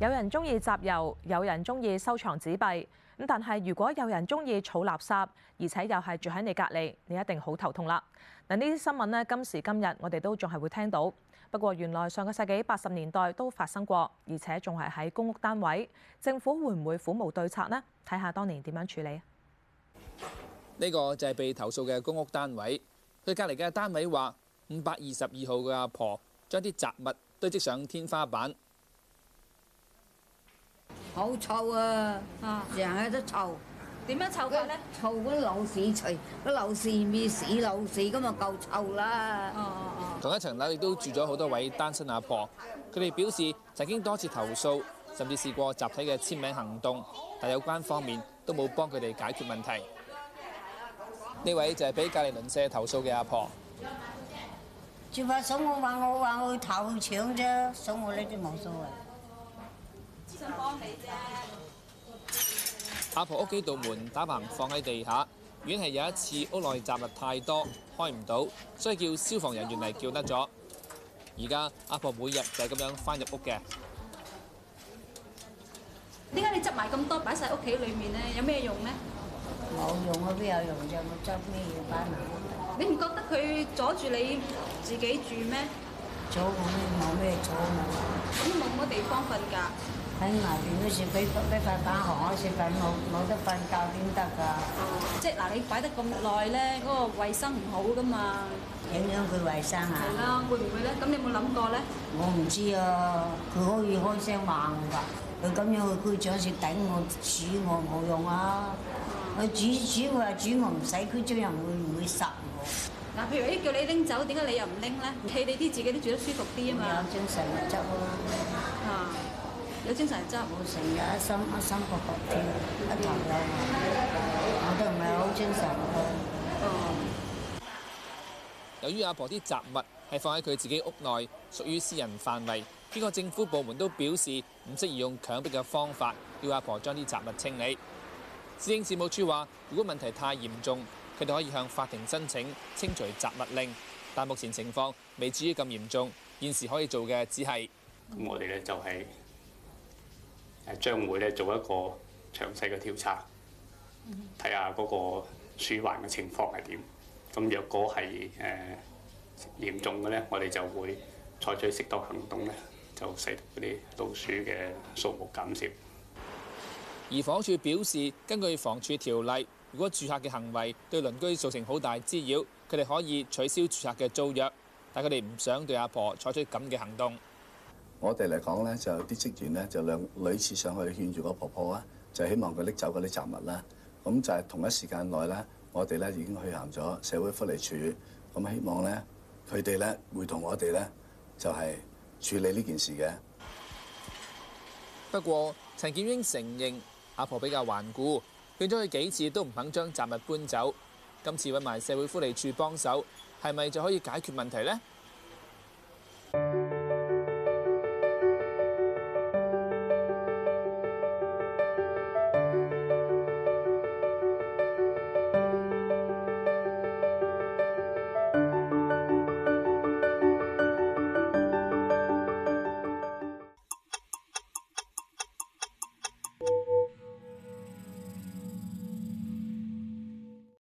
有人中意集郵，有人中意收藏紙幣。咁但係如果有人中意儲垃圾，而且又係住喺你隔離，你一定好頭痛啦。嗱，呢啲新聞咧今時今日我哋都仲係會聽到。不過原來上個世紀八十年代都發生過，而且仲係喺公屋單位。政府會唔會苦無對策呢？睇下當年點樣處理。呢個就係被投訴嘅公屋單位。佢隔離嘅單位話：五百二十二號嘅阿婆將啲雜物堆積上天花板。好臭啊！成日都臭，點樣臭法咧？臭嗰啲老屎除，嗰老屎未死，老屎咁啊夠臭啦！同一層樓亦都住咗好多位單身阿婆，佢哋表示曾經多次投訴，甚至試過集體嘅簽名行動，但有關方面都冇幫佢哋解決問題。呢位就係俾隔離鄰舍投訴嘅阿婆。住埋數我話我話我偷搶啫，數我咧都冇所謂。阿婆屋基屋企度門打棚打橫放喺地下。原來係有一次屋內雜物太多，開唔到，所以叫消防人員嚟叫得咗。而家阿婆每日就係咁樣翻入屋嘅。點解你執埋咁多擺晒屋企裏面咧？有咩用咧？冇用，邊有用啫？我執咩要擺埋？你唔覺得佢阻住你自己住咩？冇冇咩坐冇，咁冇乜地方瞓㗎。喺埋邊嗰時，俾俾塊板汗嗰時瞓，冇冇得瞓覺點得㗎？即係嗱，你擺得咁耐咧，嗰個衞生唔好噶嘛，影響佢衞生呀。係啦，會唔會咧？咁你有冇諗過咧？我唔知啊，佢可以開聲話我㗎，佢咁樣去區長處頂我、煮我冇用啊，佢煮煮話煮我唔使區長人會唔會殺我？嗱，譬如誒叫你拎走，點解你又唔拎呢？你哋啲自己都住得舒服啲啊嘛、嗯。有精神物質咯。啊，嗯、有精神物質，冇成日阿心一心個個天，一頭、嗯、我都唔係好精神、啊。嗯、由於阿婆啲雜物係放喺佢自己屋內，屬於私人範圍，不過政府部門都表示唔適宜用強迫嘅方法叫阿婆將啲雜物清理。市政事務處話，如果問題太嚴重，佢哋可以向法庭申請清除雜物令，但目前情況未至於咁嚴重，現時可以做嘅只係，咁我哋咧就係、是、誒將會咧做一個詳細嘅調查，睇下嗰個鼠患嘅情況係點。咁若果係誒嚴重嘅咧，我哋就會採取適當行動咧，就使嗰啲老鼠嘅數目減少。而房署表示，根據房署條例，如果住客嘅行為對鄰居造成好大滋擾，佢哋可以取消住客嘅租約。但佢哋唔想對阿婆採取咁嘅行動。我哋嚟講呢就啲職員呢，就兩兩次上去勸住個婆婆啊，就希望佢拎走嗰啲雜物啦。咁就係同一時間內咧，我哋呢已經去函咗社會福利署。咁希望呢，佢哋呢會同我哋呢，就係處理呢件事嘅。不過，陳建英承認。阿婆比較頑固，勸咗佢幾次都唔肯將雜物搬走。今次搵埋社會福利處幫手，係咪就可以解決問題呢？